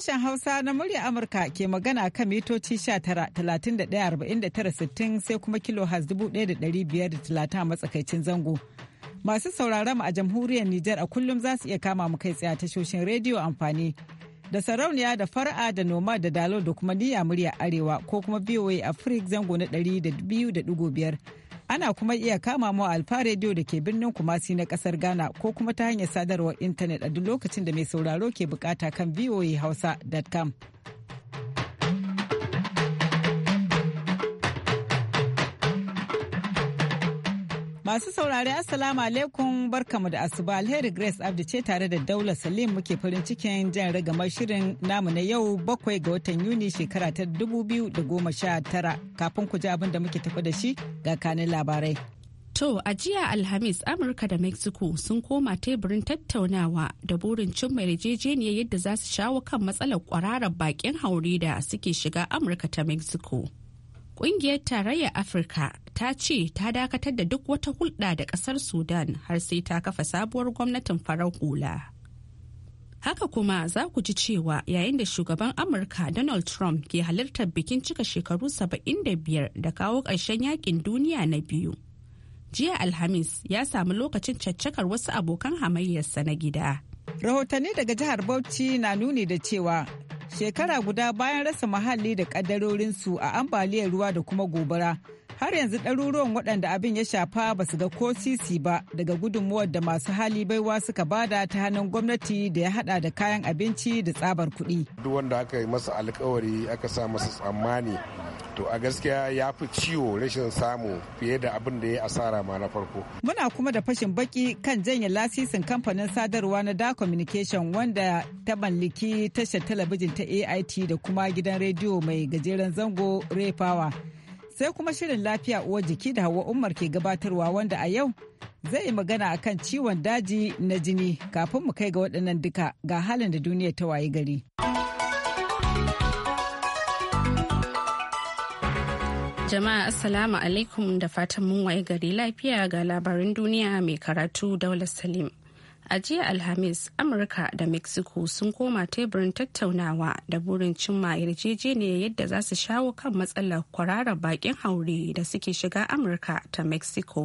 Sashen Hausa na murya Amurka ke magana kan mitoci sittin sai kuma kilo has 1,530 a matsakaicin zango. Masu sauraron mu a jamhuriyar Nijar a kullum za su iya kama mu kai tsaye a tashoshin rediyo amfani da sarauniya da fara'a da noma da dalo da kuma niyya murya arewa ko kuma VOA Africa zango na 200.5 Ana kuma iya kama mu Alfa Radio da ke birnin Kumasi na kasar Ghana ko kuma ta hanyar sadarwar intanet a duk lokacin da mai sauraro ke bukata kan voahausa.com. Masu saurare Assalamu alaikum barkamu da asuba alheri Grace Abdi ce tare da Daula Salim muke farin cikin jan ragamar shirin namu na yau bakwai ga watan Yuni shekara ta da goma sha tara, kafin ku ji abin da muke tafi da shi ga kanin labarai. To, a jiya Alhamis, Amurka da Mexico sun koma teburin tattaunawa da burin cin mai yarjejeniya yadda za su shawo kan matsalar kwararar bakin haure da suke shiga Amurka ta Mexico. Ƙungiyar Tarayyar Afirka ta ce ta dakatar da duk wata hulɗa da ƙasar Sudan har sai ta kafa sabuwar gwamnatin farar hula. Haka kuma za ku ji cewa yayin da shugaban Amurka Donald Trump ke halartar bikin cika shekaru 75 da kawo ƙarshen yakin duniya na biyu. Jiya Alhamis ya samu lokacin caccakar wasu abokan hamayyarsa na gida. Rahotanni daga jihar Bauchi na nuni da cewa shekara guda bayan rasa muhalli da kaddarorinsu a ambaliyar ruwa da kuma gobara har yanzu ɗaruruwan waɗanda abin ya shafa ba su ga ko sisi ba daga gudunmuwar da masu hali baiwa suka bada ta hannun gwamnati da ya hada da kayan abinci da tsabar kuɗi. duk wanda aka yi masa alkawari aka sa masa tsammani to a gaskiya ya fi ciwo rashin samu fiye da abin da ya asara ma na farko. Muna kuma da fashin baki kan janye lasisin kamfanin sadarwa na Da Communication wanda ta mallaki tashar talabijin ta AIT da kuma gidan rediyo mai gajeren zango refawa. Sai kuma shirin lafiya uwar jiki da Hawa Umar ke gabatarwa wanda a yau zai magana akan ciwon daji na jini kafin mu kai ga waɗannan duka ga halin da duniya ta wayi gari. jama'a assalamu alaikum da fatan mun waye gari lafiya ga labarin duniya mai karatu daular salim a jiya alhamis amurka da mexico sun koma teburin tattaunawa da burin cimma yarjejeniyar yadda za su shawo kan matsalar kwararar bakin haure da suke shiga amurka ta mexico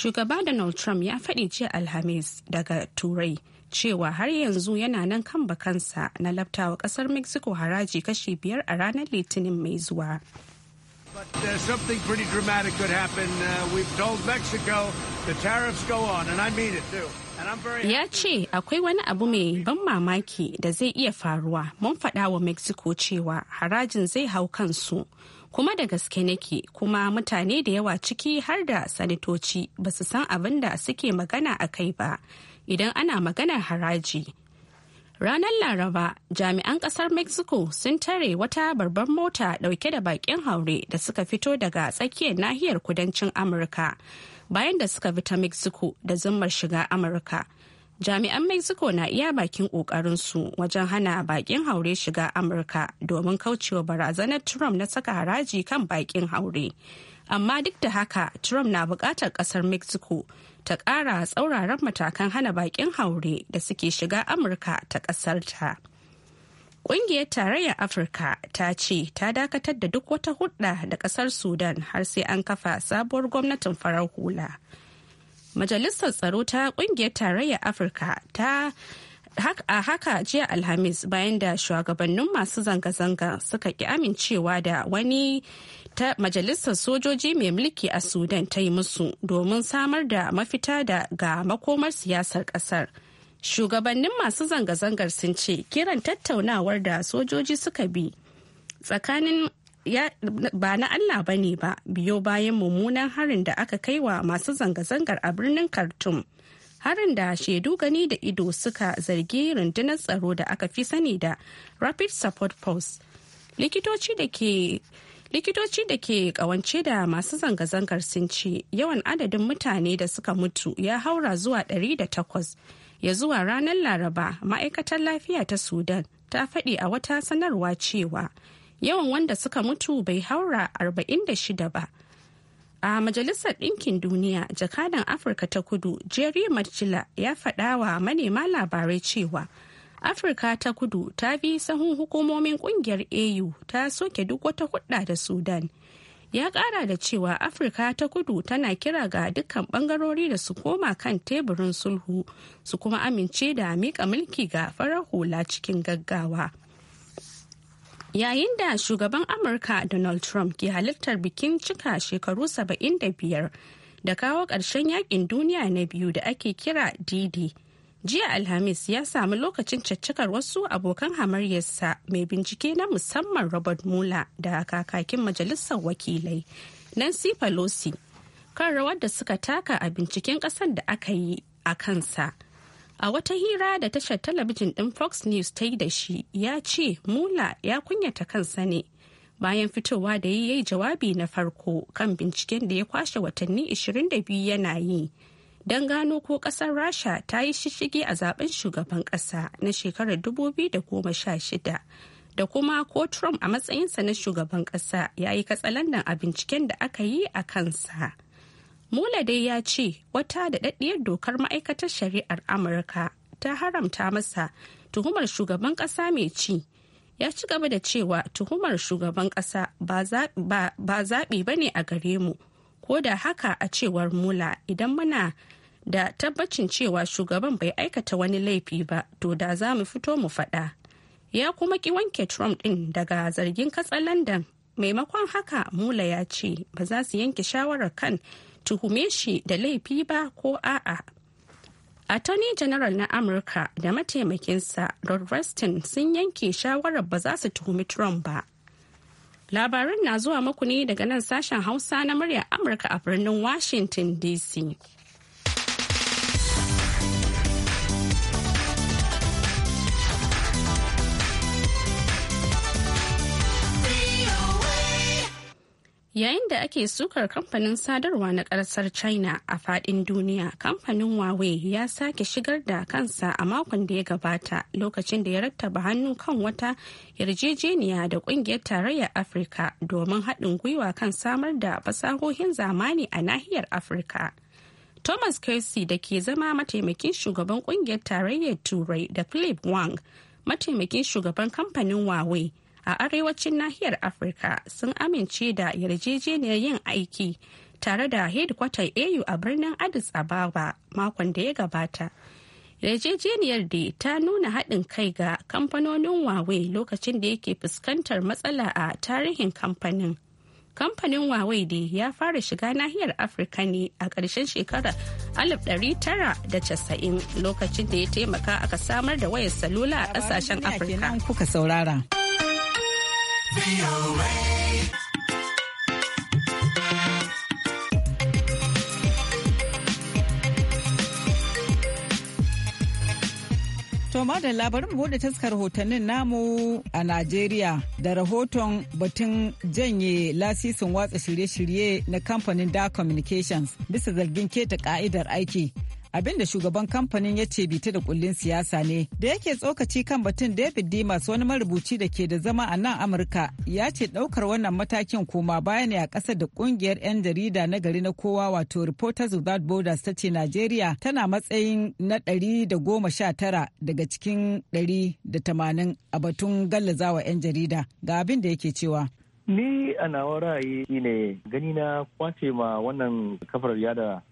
shugaba donald trump ya faɗi jiya alhamis daga turai cewa har yanzu yana nan kan bakansa na laftawa kasar mexico haraji kashi biyar a ranar litinin mai zuwa But uh, happen. Uh, we've told Ya ce akwai wani abu mai ban mamaki da zai iya faruwa mun faɗa wa Mexico cewa harajin zai hau kansu kuma da gaske nake kuma mutane da yawa ciki har da sanitoci ba su san abin da suke magana a kai ba idan ana maganar haraji Ranar Laraba, jami'an ƙasar Mexico sun tare wata babbar mota ɗauke da baƙin haure da suka fito daga tsakiyar nahiyar kudancin Amurka bayan da suka fita Mexico da zummar shiga Amurka. Jami'an Mexico na iya bakin ƙoƙarinsu wajen hana baƙin haure shiga Amurka domin kaucewa barazanar Trump na saka haraji kan baƙin haure. Amma duk da haka, Trump na buƙatar ƙasar Mexico ta ƙara tsauraran matakan hana bakin haure da suke shiga amurka ta ƙasarta. Ƙungiyar Tarayyar Afirka ta ce ta dakatar da duk wata hudda da ƙasar Sudan har sai an kafa sabuwar gwamnatin farar hula. Majalisar Tsaro ta Ƙungiyar Tarayyar Afirka ta a haka jiya alhamis bayan da shugabannin masu zanga-zanga suka ki amincewa da wani ta majalisar sojoji mai mulki a sudan ta yi musu domin samar da mafita da ga makomar siyasar kasar shugabannin masu zanga-zangar sun ce kiran tattaunawar da sojoji suka bi tsakanin ba na allah ba ne ba biyo bayan mummunan harin da aka kai wa masu zanga-zangar a birnin khartoum harin da shaidu gani da ido suka zargi rundunar tsaro da aka fi sani da rapid support post likitoci da ke likitoci da ke kawance da masu zanga-zangar sun ce yawan adadin mutane da suka mutu ya haura zuwa 108 ya zuwa ranar laraba ma'aikatar lafiya ta sudan ta faɗi a wata sanarwa cewa yawan wanda suka mutu bai haura 46 ba a majalisar ɗinkin duniya jakadan afirka ta kudu jerry marcilla ya faɗa wa manema labarai cewa afirka ta kudu ta bi sahun hukumomin kungiyar au ta soke duk wata hudda da sudan ya kara da cewa afirka ta kudu tana kira ga dukkan bangarori da su koma kan teburin sulhu su kuma amince da mika mulki ga farar hula cikin gaggawa yayin da shugaban amurka donald trump ke halittar bikin cika shekaru 75 da kawo ƙarshen yakin duniya na biyu da ake kira dd jiya alhamis ya sami lokacin caccakar wasu abokan hamaryarsa mai bincike na musamman robert mula da kakakin majalisar wakilai nancy pelosi kan rawar da suka taka a binciken ƙasar da aka yi a kansa a wata hira da tashar talabijin ɗin fox news ta yi da shi ya ce mula ya kunyata kansa ne bayan fitowa da yi yayi jawabi na farko kan binciken da ya kwashe watanni 22 yana yi don gano ko kasar rasha ta yi shishige a zaben shugaban kasa na shekarar 2016 da kuma ko trump a matsayinsa na shugaban kasa ya yi katsalandan a binciken da aka yi a kansa mula dai ya ce wata daɗaɗɗiyar dokar ma'aikatar shari'ar amurka ta haramta masa tuhumar shugaban kasa mai ci ya ci gaba da cewa tuhumar shugaban kasa ba zaɓi ba ne a gare mu ko da haka a cewar mula idan muna da tabbacin cewa shugaban bai aikata wani laifi ba to da za mu fito mu faɗa ya kuma ki wanke trump ɗin daga zargin katsa katsalandan maimakon haka mula ya ce ba za su yanke shawarar kan tuhume shi da laifi ba ko a'a attorney general na amurka da mataimakinsa rod reston sun yanke shawarar ba za su tuhumi trump ba labaran na zuwa makuni daga nan sashen hausa na murya amurka a birnin washington dc yayin da ake sukar kamfanin sadarwa na ƙasar china a faɗin duniya kamfanin huawei ya sake shigar da kansa a makon da ya gabata lokacin da ya rattaba hannu kan wata yarjejeniya da ƙungiyar tarayyar afirka domin haɗin gwiwa kan samar da fasahohin zamani a nahiyar afirka thomas kersey da ke zama mataimakin shugaban ƙungiyar tarayyar turai da philip wang mataimakin shugaban kamfanin huawei a arewacin nahiyar afirka sun amince da yarjejeniyar yin aiki tare da headquarter au a birnin addis ababa makon da ya gabata yarjejeniyar da ta nuna haɗin kai ga kamfanonin wawe lokacin da yake fuskantar matsala a tarihin kamfanin kamfanin wawe da ya fara shiga nahiyar afirka ne a ƙarshen shekarar 1990 lokacin da ya taimaka aka samar da wayar salula a ƙasashen afirka kuka saurara To madalla bari mu bude taskar hotannin namu a Najeriya da rahoton batun janye lasisin watsa shirye-shirye na kamfanin Da Communications bisa zargin keta ka'idar aiki Abin da shugaban kamfanin ya ce bita da kullin siyasa ne da yake tsokaci kan batun david dimas wani marubuci da ke da zama a nan amurka ya ce daukar wannan matakin koma baya ne a kasar da kungiyar 'yan jarida na gari na kowa wato reporters without borders ta ce najeriya tana matsayin na ɗari da goma sha tara daga cikin 180 tamanin a batun gallazawa 'yan jarida ga abin da yake cewa ni a nawa ra'ayi ne gani na kwace ma wannan kafar yada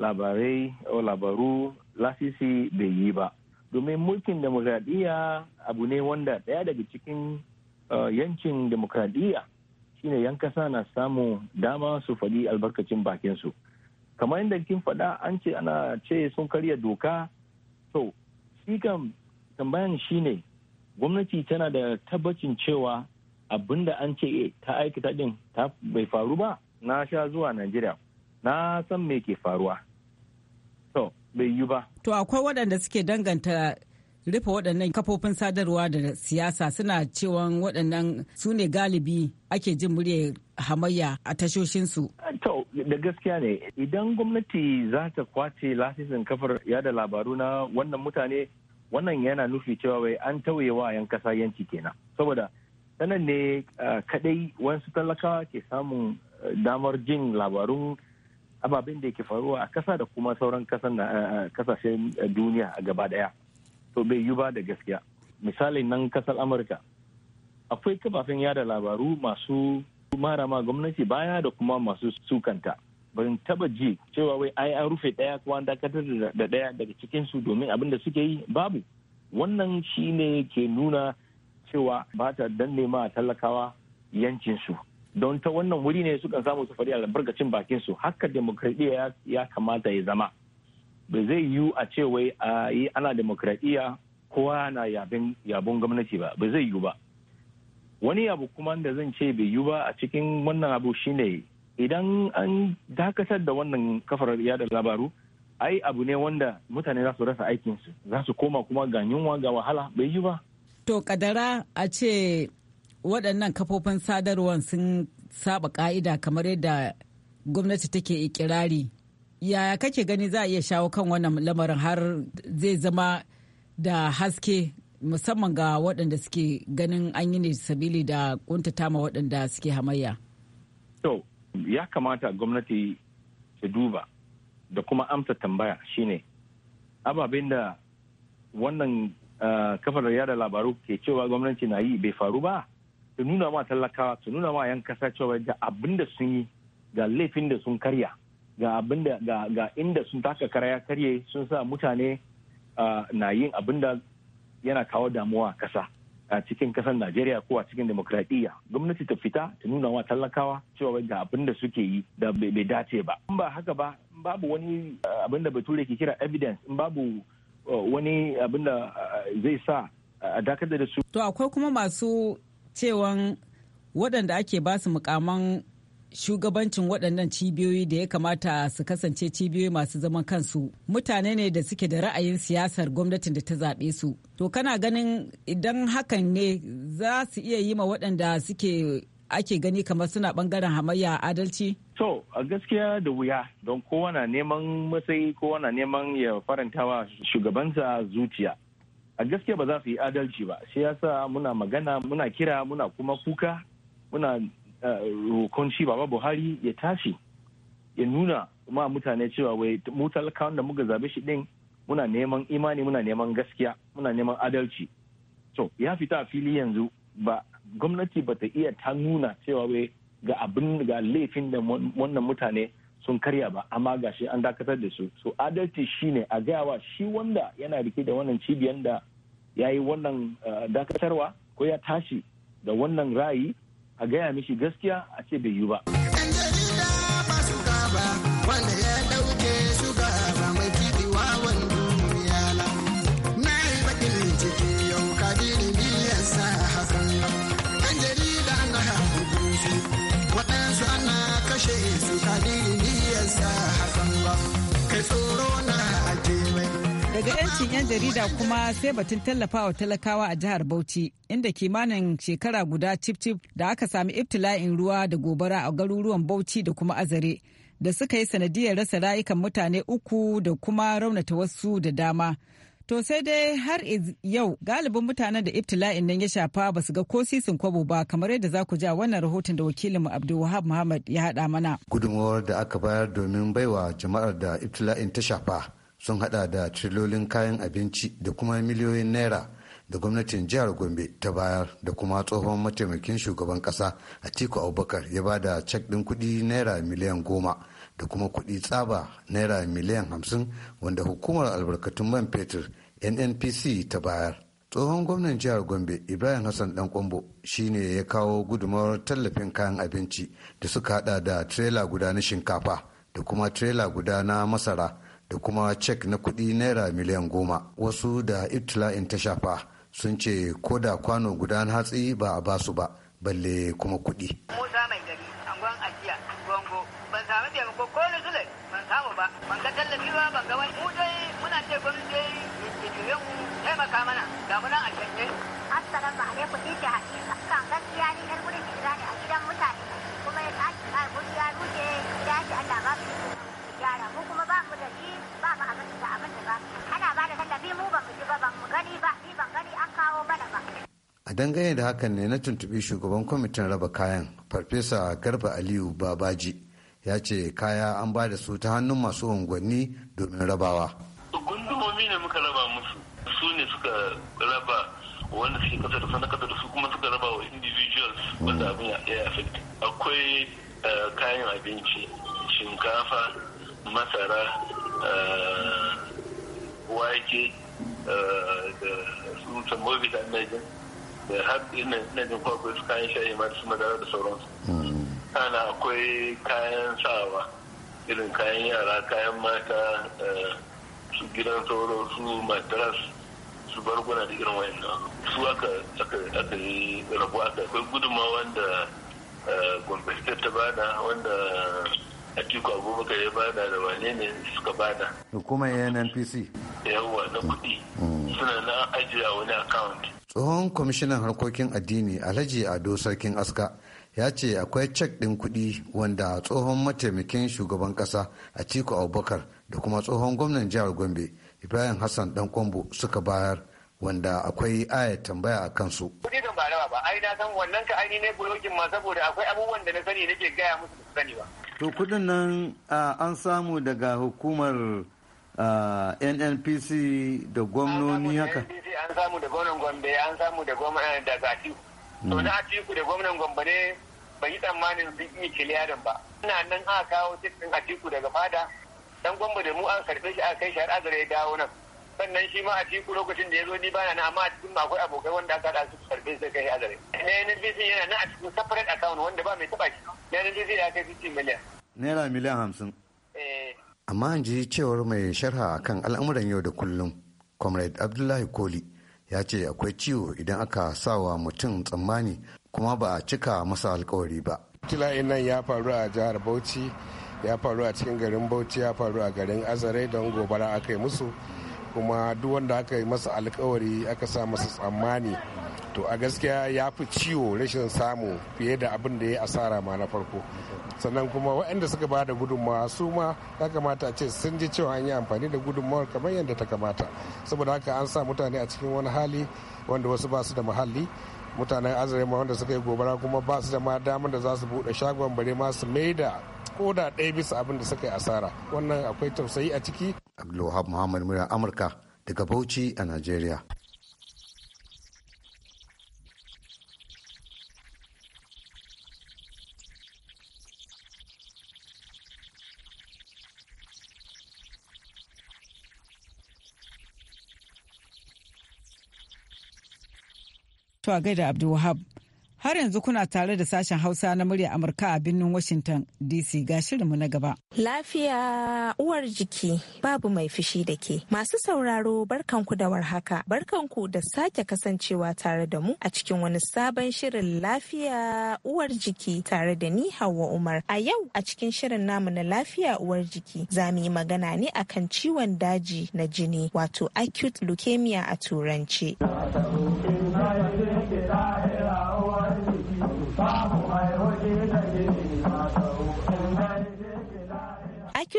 labarai labaru lasisi bai yi ba domin mulkin demokradiyya abu ne wanda ɗaya daga cikin uh, yancin demokradiyya shine yan kasa na samu dama su faɗi albarkacin bakinsu kamar yadda kin faɗa an ce ana ce sun karya doka to shi kam tambayan shine gwamnati tana da tabbacin cewa abin da an ce eh, ta aikata din ta bai faru ba na sha zuwa najeriya na san me ke faruwa To, bai yi ba. To, akwai waɗanda suke danganta rufe waɗannan kafofin sadarwa da siyasa suna cewa waɗannan su ne galibi ake jin murya hamayya a tashoshinsu. To, da gaskiya ne, idan gwamnati za ta kwace lasisin kafar yada labaru na wannan mutane, wannan yana nufi cewa wai an tauyewa yan kasa yanci kenan. Saboda sanan ne eh, kadai wasu talakawa ke samun eh, damar jin labarun ababen da yake faruwa a kasa da kuma sauran kasashen duniya a gaba daya to bai yi ba da gaskiya misalin nan kasar amurka akwai kafafen yada labaru masu mara ma gwamnati baya da kuma masu sukanta ban taba ji cewa wai ai an rufe ɗaya kuma an dakatar da ɗaya daga cikin su domin abin da suke yi babu wannan shine ke nuna cewa ba ta danne ma talakawa yancinsu don ta wannan wuri ne sukan samu su faɗi albarkacin bakin su haka demokradiyya ya kamata ya zama ba zai yiwu a ce wai a yi ana demokradiyya kowa na yabon gwamnati ba ba zai yiwu ba wani abu kuma da zan ce bai yiwu ba a cikin wannan abu shine idan an dakatar da wannan kafar yada labaru ai abu ne wanda mutane za su rasa aikinsu za su koma kuma ga yunwa ga wahala bai yiwu ba to kadara a ce waɗannan kafofin sadarwar sun saba ka'ida kamar yadda gwamnati take ikirari yaya kake gani za a iya shawo kan wannan lamarin har zai zama da haske musamman ga waɗanda suke ganin an yi ne sabili da kuntata ma waɗanda suke hamayya to ya kamata gwamnati ta duba da kuma amsa tambaya shine ababen da wannan eh, kafar yada labaru ke cewa gwamnati na yi bai faru ba su nuna ma talakawa su nuna ma 'yan kasa cewa ga abin da sun yi ga laifin da sun karya ga abin da ga inda sun taka karya karye sun sa mutane na yin abin da yana kawo damuwa a kasa a cikin kasar Najeriya ko a cikin demokradiyya gwamnati ta fita ta nuna wa talakawa cewa ga abin da suke yi da bai dace ba in ba haka ba in babu wani abin da bature ke kira evidence in babu wani abin da zai sa a dakatar da su to akwai kuma masu cewan waɗanda ake ba su mukaman shugabancin waɗannan cibiyoyi da ya kamata su kasance cibiyoyi masu zaman kansu mutane ne da suke da ra'ayin siyasar gwamnatin da ta zaɓe su to kana ganin idan hakan ne za su iya yi ma waɗanda suke ake gani kamar suna bangaren hamayya adalci to a gaskiya da wuya don kowa neman matsayi kowa na neman ya farantawa shugabansa zuciya a gaskiya ba za su yi adalci ba shi yasa muna magana muna kira muna kuma kuka muna eh, rokon shi baba buhari ya tashi ya nuna ma mutane cewa wai mutal talakawan da muka zabe shi din muna neman imani muna neman gaskiya muna neman adalci to ya fita a fili yanzu ba gwamnati ba ta iya ta nuna cewa wai ga abin ga laifin da wannan mutane sun karya ba amma gashi an dakatar da su so adalci shine a gayawa shi wanda yana rike da wannan cibiyan da ya yi wannan eh, dakatarwa ko ya tashi da wannan ra'ayi a gaya mishi gaskiya a ce bai yi ba wanda ya ɗauke su mai kashe su daga yancin 'yan jarida kuma sai batun tallafawa talakawa a jihar bauchi inda kimanin shekara guda cif-cif da aka sami ibtila'in ruwa da gobara a garuruwan bauchi da kuma azare da suka yi sanadiyar rasa rayukan mutane uku da kuma raunata wasu da dama To sai dai har yau galibin mutanen da ibtila'in nan ya shafa ba su ga ko sisin kwabo ba kamar yadda za ku ja wannan rahoton da wakilin wakilinmu Abdulwahab Muhammad ya haɗa mana. Gudunmawar da aka bayar domin baiwa jama'ar da ibtila'in ta shafa sun haɗa da trilolin kayan abinci da kuma miliyoyin naira da gwamnatin jihar Gombe ta bayar da kuma tsohon mataimakin shugaban ƙasa Atiku Abubakar ya ba da cek ɗin kuɗi naira miliyan goma. da kuma kuɗi tsaba naira miliyan hamsin wanda hukumar albarkatun man fetur nnpc ta bayar tsohon gwamnan jihar gombe ibrahim hassan dan kwambo shine ya kawo gudumar tallafin kayan abinci da suka hada da trela guda na shinkafa da kuma trela guda na masara da kuma cek na kuɗi naira miliyan goma wasu da ibtila'in ta shafa sun ce ko da kwano guda na hatsi ba a basu ba balle kuma kuɗi. ba ban ga tallafi ba ban ga wani dai muna ce gwamnati dai ke ya mu taimaka mana ga muna a canje assalamu alaikum ku ce hakika kan gaskiya ni yar gudun hijira ne a gidan mutane kuma ya tashi a guri ya ruje ya ce Allah ba su gyara mu kuma ba mu da shi ba mu abin da abin da ba ana ba da tallafi mu ba mu ji ba ban mu gani ba ni ban gani an kawo mana ba a dangane da hakan ne na tuntuɓi shugaban kwamitin raba kayan farfesa garba aliyu babaji ya ce kaya an ba da su ta hannun masu unguwanni domin rabawa. Gundumomi ne muka raba musu su ne suka raba wanda suke kasa da sana kasa da su kuma suka raba wa individuals wanda hmm. abin ya affect. Akwai eh, kayan abinci shinkafa masara eh, wake eh, da su samovita da har ina jin kwakwai su kayan shayi masu madara da sauransu. Hmm. Ana akwai kayan sawa irin kayan yara kayan mata eh, su gidan sauro su matras su barguna da irin wayan su aka yi rabu aka akwai guduma wanda eh, gombe state ta bada wanda atiku abubakar ya bada da wane ne suka bada hukumar nnpc yawwa na kudi mm. mm. suna na ajiya wani account tsohon kwamishinan harkokin addini alhaji ado sarkin aska ya ce akwai cek ɗin kuɗi wanda tsohon mataimakin shugaban ƙasa a ciko abubakar da kuma tsohon gwamnan jihar gombe ibrahim hassan dan kwambo suka bayar wanda akwai aya tambaya a kansu. Kuɗi don ba rawa ba, ai na san wannan ka aini ne bulogin ma saboda akwai abubuwan da na sani nake gaya musu su sani ba. To kuɗin nan an samu daga hukumar NNPC da gwamnoni haka? An samu da gwamnan Gombe, an samu da gwamnan eh, da Zakiu. to na atiku da gwamnan gombe bai yi tsammanin sun iya kiliyarin ba ina nan aka kawo a atiku daga fada dan gombe da mu an karɓe shi aka kai shi har azare ya dawo nan sannan shi ma atiku lokacin da ya zo ni ba na amma a cikin akwai abokai wanda aka da su karɓe su kai azare na NNPC yana nan a cikin separate account wanda ba mai taɓa shi na NNPC ya kai 50 miliyan naira miliyan hamsin eh. amma an ji cewar mai sharha kan al'amuran yau da kullum comrade abdullahi koli ya ce akwai ciwo idan aka sawa mutum tsammani kuma ba a cika masa alkawari ba kila'in nan ya faru a jihar bauchi ya faru a cikin garin bauchi ya faru a garin azare don gobara aka yi musu kuma duk wanda aka yi masa alkawari aka sa masa tsammani to a gaskiya ya fi ciwo rashin samu fiye da abin da ya asara ma na farko sannan kuma waɗanda suka ba da gudunmawa su ma ya kamata a ce sun ji cewa an yi amfani da gudunmawar kamar yadda ta kamata saboda haka an sa mutane a cikin wani hali wanda wasu ba su da muhalli mutanen azurima wanda suka yi gobara kuma ba su da ma damar da za su buɗe shagon bare ma su ko koda ɗaya bisa abin da suka yi asara wannan akwai tausayi a ciki abdulwahab muhammad murya amurka daga bauchi a najeriya To a gaida Abdulwahab. Har yanzu kuna tare da sashen Hausa na murya Amurka a birnin Washington DC ga shirinmu na gaba. Lafiya uwar jiki babu mai fushi da ke. Masu sauraro barkanku da warhaka. Barkanku da sake kasancewa tare da mu a cikin wani sabon shirin lafiya uwar jiki tare da ni Hauwa Umar. A yau a cikin shirin namu na lafiya uwar jiki za mu yi magana ne akan ciwon daji na jini wato acute leukemia a turanci.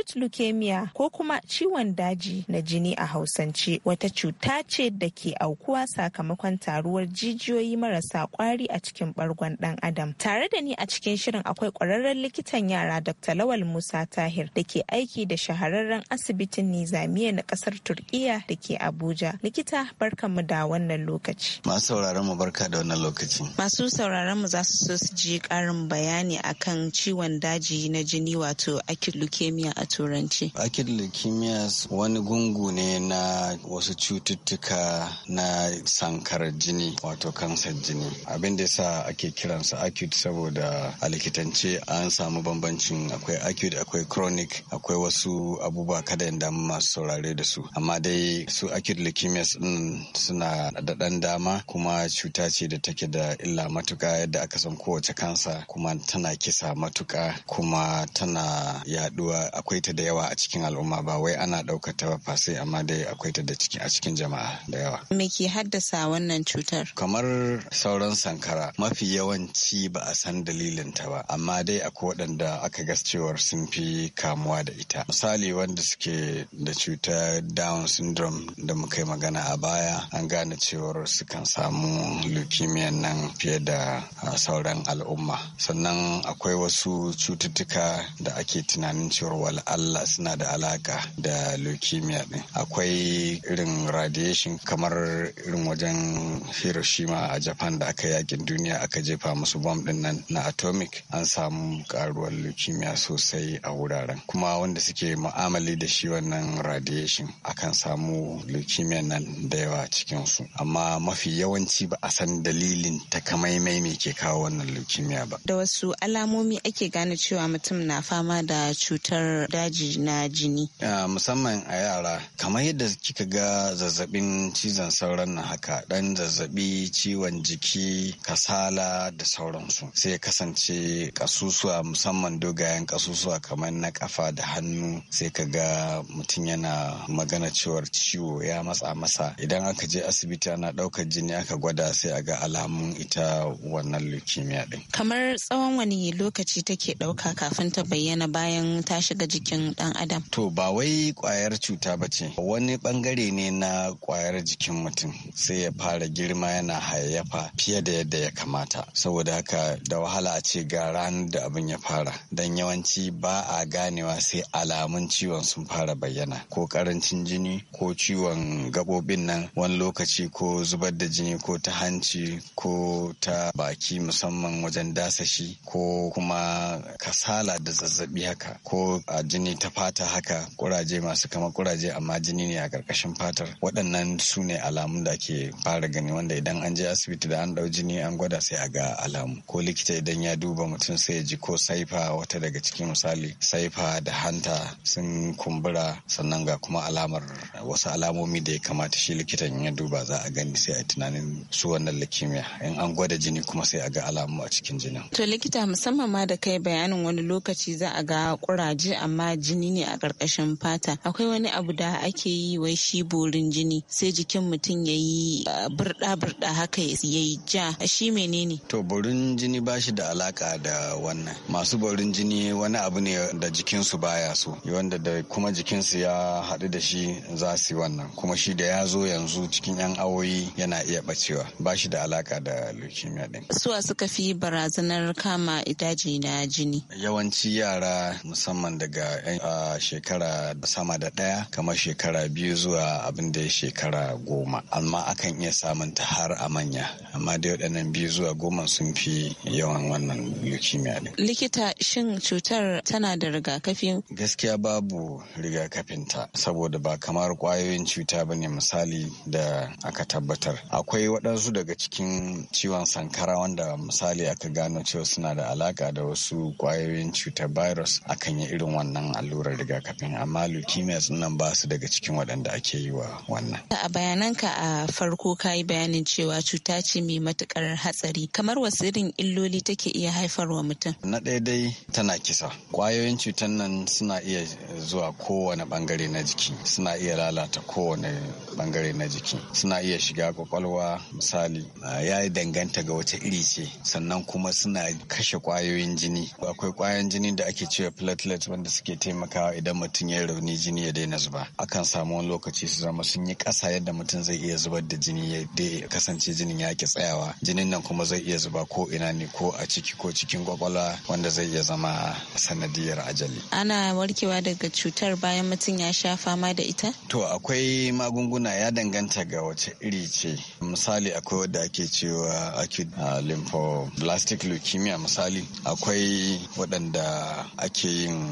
acute leukemia ko kuma ciwon daji na jini a hausance wata cuta ce da ke aukuwa sakamakon taruwar jijiyoyi marasa kwari a cikin bargon dan adam tare da ni a cikin shirin akwai kwararren likitan yara dr lawal musa tahir da ke aiki da shahararren asibitin nizamiya na kasar turkiya da ke abuja likita barkanmu da wannan lokaci masu sauraron mu barka da wannan lokaci masu sauraron mu za su so su ji karin bayani akan ciwon daji na jini wato acute leukemia a turanci Akid leukemias wani gungu ne na wasu cututtuka na sankar jini wato kansar jini abin da yasa ake kiransa acute saboda a likitance an samu bambancin akwai acute akwai chronic akwai wasu abubuwa kada yin damu masu saurare da su amma dai su acute leukemias din suna da dan dama kuma cuta ce da take da illa matuka yadda aka san kowace kansa kuma tana kisa matuka kuma tana yaduwa akwai akwai ta da yawa a cikin al'umma ba wai ana ɗaukar ta ba sai amma dai akwai ta da a cikin jama'a da yawa. Me ke haddasa wannan cutar? Kamar sauran sankara mafi yawanci ba a san dalilin ta ba amma dai akwai waɗanda aka gas cewar sun fi kamuwa da ita. Misali wanda suke da cutar Down syndrome da muka yi magana a baya an gane cewar sukan samu leukemia nan fiye da sauran al'umma. Sannan akwai wasu cututtuka da ake tunanin cewar wala Allah suna da alaka da leukemia din akwai irin radiation kamar irin wajen Hiroshima a Japan da aka yakin duniya aka jefa musu bom din nan na atomic an samu karuwar leukemia sosai a wuraren kuma wanda suke mu'amali da shi wannan radiation akan samu leukemia nan da yawa cikin su amma mafi yawanci ba a san dalilin takamaimai me ke kawo wannan leukemia ba da wasu alamomi ake gane cewa mutum na fama da cutar da daji na jini. Musamman a yara, kamar yadda kika ga zazzabin cizon sauran na haka dan zazzabi ciwon jiki kasala da sauransu sai kasance kasusuwa musamman dogayen kasusuwa kamar na kafa da hannu sai ka ga mutum yana magana cewar ciwo ya matsa masa idan aka je asibiti ana ɗaukar jini aka gwada sai a ga alamun ita wannan leukemia din kamar tsawon wani lokaci take ɗauka kafin ta bayyana bayan ta shiga jiki jikin dan adam to ba wai kwayar cuta ba ce wani bangare ne na kwayar jikin mutum sai ya fara girma yana hayayyafa fiye da yadda ya kamata saboda haka da wahala a ce ga ranar da abin ya fara dan yawanci ba a ganewa sai alamun ciwon sun fara bayyana ko karancin jini ko ciwon gabobin nan wani lokaci ko zubar da jini ko ta hanci ko ta baki musamman wajen dasashi ko kuma kasala da zazzabi haka ko a jini jini ta fata haka kuraje masu kama kuraje amma jini ne a karkashin fatar waɗannan su ne alamun da ke fara gani wanda idan an je asibiti da an ɗau jini an gwada sai a ga alamu ko likita idan ya duba mutum sai ya ji ko saifa wata daga cikin misali saifa da hanta sun kumbura sannan ga kuma alamar wasu alamomi da ya kamata shi likitan ya duba za a gani sai a tunanin su wannan leukemia in an gwada jini kuma sai a ga alamu a cikin jinin. To likita musamman ma da kai bayanin wani lokaci za a ga kuraje amma jini ne a ƙarƙashin fata akwai wani abu da ake yi wai shi borin jini sai jikin mutum ya yi burɗa-burɗa haka ya yi ja shi menene to borin jini ba shi da alaka da wannan masu borin jini wani abu ne da jikinsu baya so wanda da kuma jikinsu ya haɗu da shi za su yi wannan kuma shi da ya zo yanzu cikin yan awoyi yana iya bacewa ba shi da alaka da leukemia ɗin suwa suka fi barazanar kama daji na jini yawanci yara musamman daga 'yan shekara sama da ɗaya kamar shekara biyu zuwa abin da ya shekara goma amma akan iya samun ta har a manya amma dai waɗannan biyu zuwa goma sun fi yawan wannan leukemia ne. likita shin cutar tana da rigakafi gaskiya babu rigakafin ta saboda ba kamar kwayoyin cuta ba ne misali da aka tabbatar akwai waɗansu daga cikin ciwon sankara wanda misali aka gano cewa suna da alaka da wasu kwayoyin cutar virus akan yi irin wannan wannan allurar rigakafin amma leukemias nan ba su daga cikin waɗanda ake yi wa wannan. A ka a farko ka yi bayanin cewa cuta ce mai matukar hatsari kamar wasu irin illoli take iya haifarwa mutum. Na ɗaya dai tana kisa. Kwayoyin cutar nan suna iya zuwa kowane bangare na jiki suna iya lalata kowane bangare na jiki suna iya shiga kwakwalwa misali ya danganta ga wata iri ce sannan kuma suna kashe kwayoyin jini akwai kwayoyin jini da ake cewa platelet wanda suke ke taimakawa idan mutum ya yi rauni jini ya daina zuba akan samu wani lokaci su zama sun yi ƙasa yadda mutum zai iya zubar da jini ya kasance jinin ya ke tsayawa jinin nan kuma zai iya zuba ko ina ne ko a ciki ko cikin kwakwalwa wanda zai iya zama sanadiyar ajali ana warkewa daga cutar bayan mutum ya sha fama da ita to akwai magunguna ya danganta ga wace iri ce misali akwai wadda ake cewa acute ah, lymphoblastic leukemia misali akwai waɗanda ake yin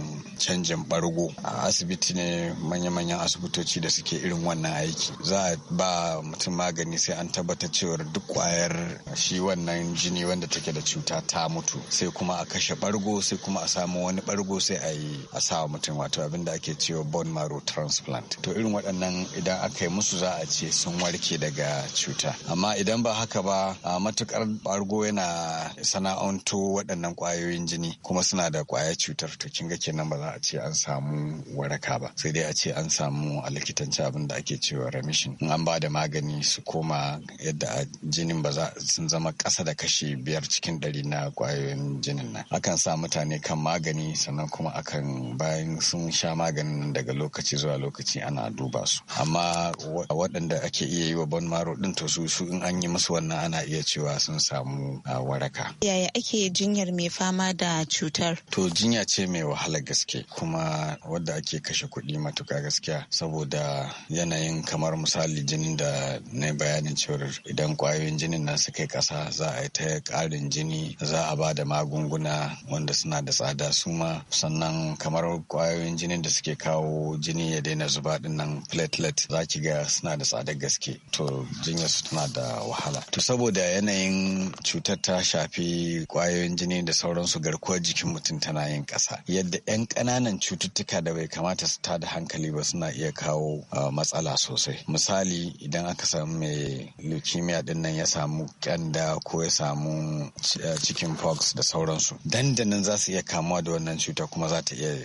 canjin bargo a asibiti ne manya-manyan asibitoci da suke irin wannan aiki za a ba mutum magani sai an tabbatar cewar duk kwayar shi wannan jini wanda take da cuta ta mutu sai kuma a kashe bargo sai kuma a samu wani bargo sai a yi a sa mutum wato abin da ake cewa bone marrow transplant to irin waɗannan idan aka yi musu za a ce sun warke daga cuta amma idan ba haka ba a matukar bargo yana sana'anto waɗannan kwayoyin jini kuma suna da kwayar cutar to kinga kenan ba za a a ce an samu waraka ba sai dai a ce an samu a likitanci abin da ake cewa remission in an ba da magani su koma yadda a jinin ba sun zama ƙasa da kashi biyar cikin ɗari na ƙwayoyin jinin nan akan sa mutane kan magani sannan kuma akan bayan sun sha maganin daga lokaci zuwa lokaci ana duba su amma a waɗanda ake iya yi wa ban maro ɗin to su su in an yi musu wannan ana iya cewa sun samu waraka yaya ake jinyar mai fama da cutar to jinya ce mai wahala gaske kuma wadda ake kashe kuɗi matuka gaskiya saboda yanayin kamar misali jinin da na bayanin cewar idan kwayoyin jinin nan suka yi ƙasa za a yi ta ƙarin jini za a ba da magunguna wanda suna da tsada su ma sannan kamar kwayoyin jinin da suke kawo jini ya daina zuba nan platelet za ki ga suna da tsada gaske to jinyar su tana da wahala to saboda yanayin cutar ta shafi kwayoyin jini da sauransu garkuwar jikin mutum tana yin ƙasa yadda 'yan ƙananan ƙananan cututtuka da bai kamata su tada hankali ba suna iya kawo ah, matsala sosai misali idan aka samu mai leukemia din nan ya samu kanda ko ya samu ah, chicken pox da sauransu dandanan za su iya kamuwa da wannan cuta kuma za ta iya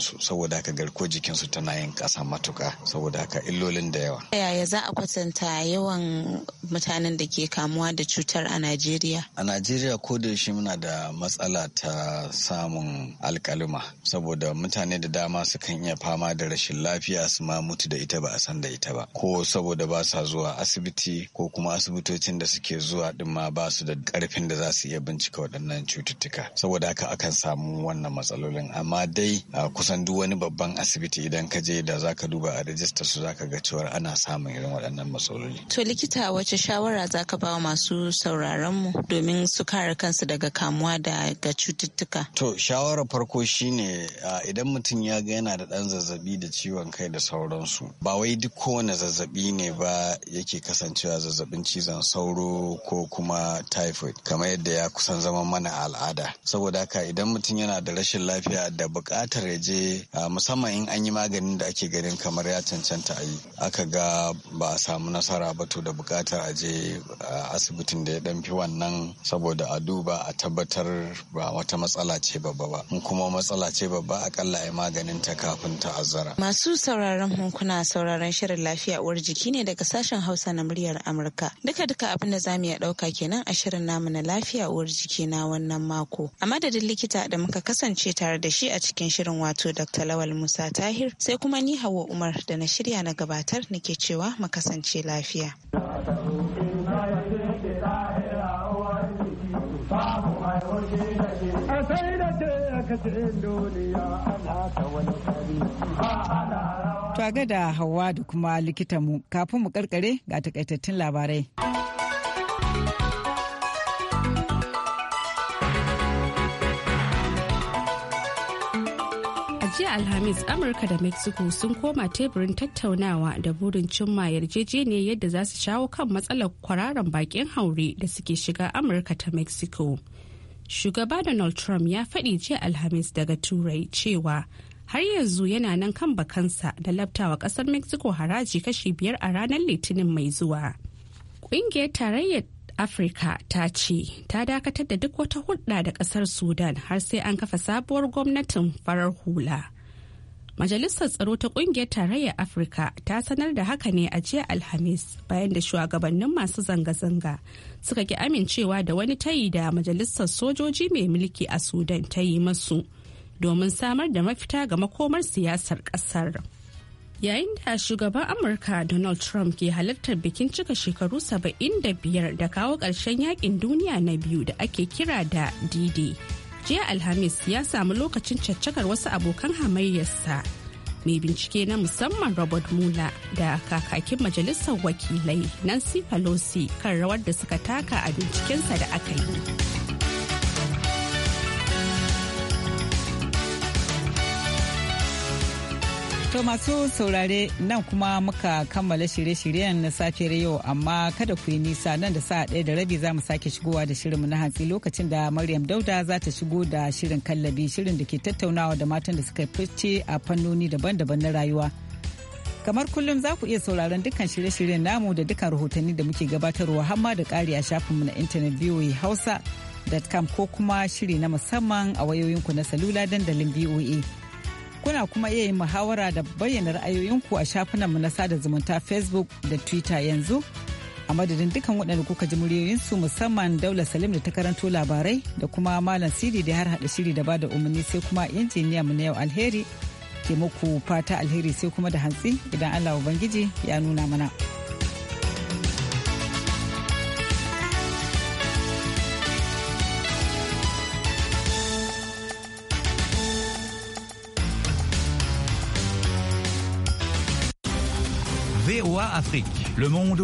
su saboda haka garko jikinsu tana yin ƙasa matuka saboda haka illolin da yawa yaya za a kwatanta yawan mutanen da ke kamuwa da cutar a najeriya a najeriya ko da yaushe muna da matsala ta samun alkaluma saboda mutane da dama sukan iya fama da rashin lafiya su ma mutu da ita ba a san da ita ba ko saboda ba sa zuwa asibiti ko kuma asibitocin da suke zuwa din ma ba su da karfin da za su iya bincika waɗannan cututtuka saboda haka akan samu wannan matsalolin amma dai a kusan duk wani babban asibiti idan ka je da zaka duba a rajista su zaka ga cewa ana samun irin waɗannan matsaloli to likita wace shawara zaka ba masu sauraron mu domin su kare kansu daga kamuwa daga cututtuka to shawara farko shine a idan mutum ya ga yana da ɗan zazzabi da ciwon kai da sauransu ba wai duk kowane zazzabi ne ba yake kasancewa zazzabin cizon sauro ko kuma typhoid kamar yadda ya kusan zama mana al'ada saboda haka idan mutum yana da rashin lafiya da buƙatar ya je musamman in an yi maganin da ake ganin kamar ya cancanta a yi aka ga ba a samu nasara ba to da buƙatar a je asibitin da ya ɗan wannan saboda a duba a tabbatar ba wata matsala ce babba ba in kuma matsala ce babba akalla ya maganin ta kafin ta azara. Masu sauraron mu sauraron shirin lafiya uwar jiki ne daga sashen Hausa na muryar Amurka. Duka duka abin da zamu iya dauka kenan a shirin namu na lafiya uwar jiki na wannan mako. A madadin likita da muka kasance tare da shi a cikin shirin wato Dr. Lawal Musa Tahir sai kuma ni Hauwa Umar da na shirya na gabatar nake cewa mu kasance lafiya. cikin da Hauwa da kuma likitanmu kafin mu karkare ga takaitattun labarai. jiya alhamis amurka da mexico sun koma teburin tattaunawa da burin cimma yarjejeniyar yadda za su shawo kan matsalar kwararan bakin haure da suke shiga amurka ta mexico shugaba donald trump ya faɗi jiya alhamis daga turai cewa har yanzu yana nan kan bakansa da labtawa ƙasar mexico haraji kashi biyar a ranar litinin mai zuwa ƙungiyar tarayyar afirka ta ce ta dakatar da duk wata hulɗa da ƙasar sudan har sai an kafa sabuwar gwamnatin farar hula Majalisar Tsaro ta Ƙungiyar Tarayyar Afirka ta sanar da haka ne a jiya Alhamis bayan da shugabannin masu zanga-zanga suka ki amincewa da wani tayi da Majalisar Sojoji mai mulki a Sudan ta yi masu domin samar da mafita ga makomar siyasar ƙasar. Yayin da shugaban Amurka Donald Trump ke halartar bikin cika shekaru 75 da kawo ƙarshen yakin duniya na biyu da ake kira da D-Day. jiya alhamis ya samu lokacin caccakar wasu abokan hamayyarsa mai bincike na musamman robert mula da kakakin majalisar wakilai nancy pelosi kan rawar da suka taka a bincikensa da aka yi To masu saurare nan kuma muka kammala shirye-shiryen na safiyar yau amma kada ku yi nisa nan da sa ɗaya da rabi za mu sake shigowa da shirinmu na hantsi lokacin da Maryam Dauda za ta shigo da shirin kallabi shirin da ke tattaunawa da matan da suka fice a fannoni daban-daban na rayuwa. Kamar kullum za ku iya sauraron dukkan shirye-shiryen namu da dukkan rahotanni da muke gabatarwa har ma da ƙari a shafinmu na intanet VOA Hausa.com ko kuma shiri na musamman a wayoyinku na salula dandalin VOA. Kuna kuma iya yin muhawara da bayyana ra'ayoyinku a shafinanmu na sada zumunta Facebook da Twitter yanzu. A madadin dukkan waɗanda kuka ji muryoyinsu musamman Daula Salim da ta karanto labarai da kuma Malam Sidi da har haɗa shiri da ba da umarni sai kuma injiniya mu na yau alheri. Ke muku fata alheri sai kuma da hantsi idan Allah Ubangiji ya nuna mana. Afrique. Le monde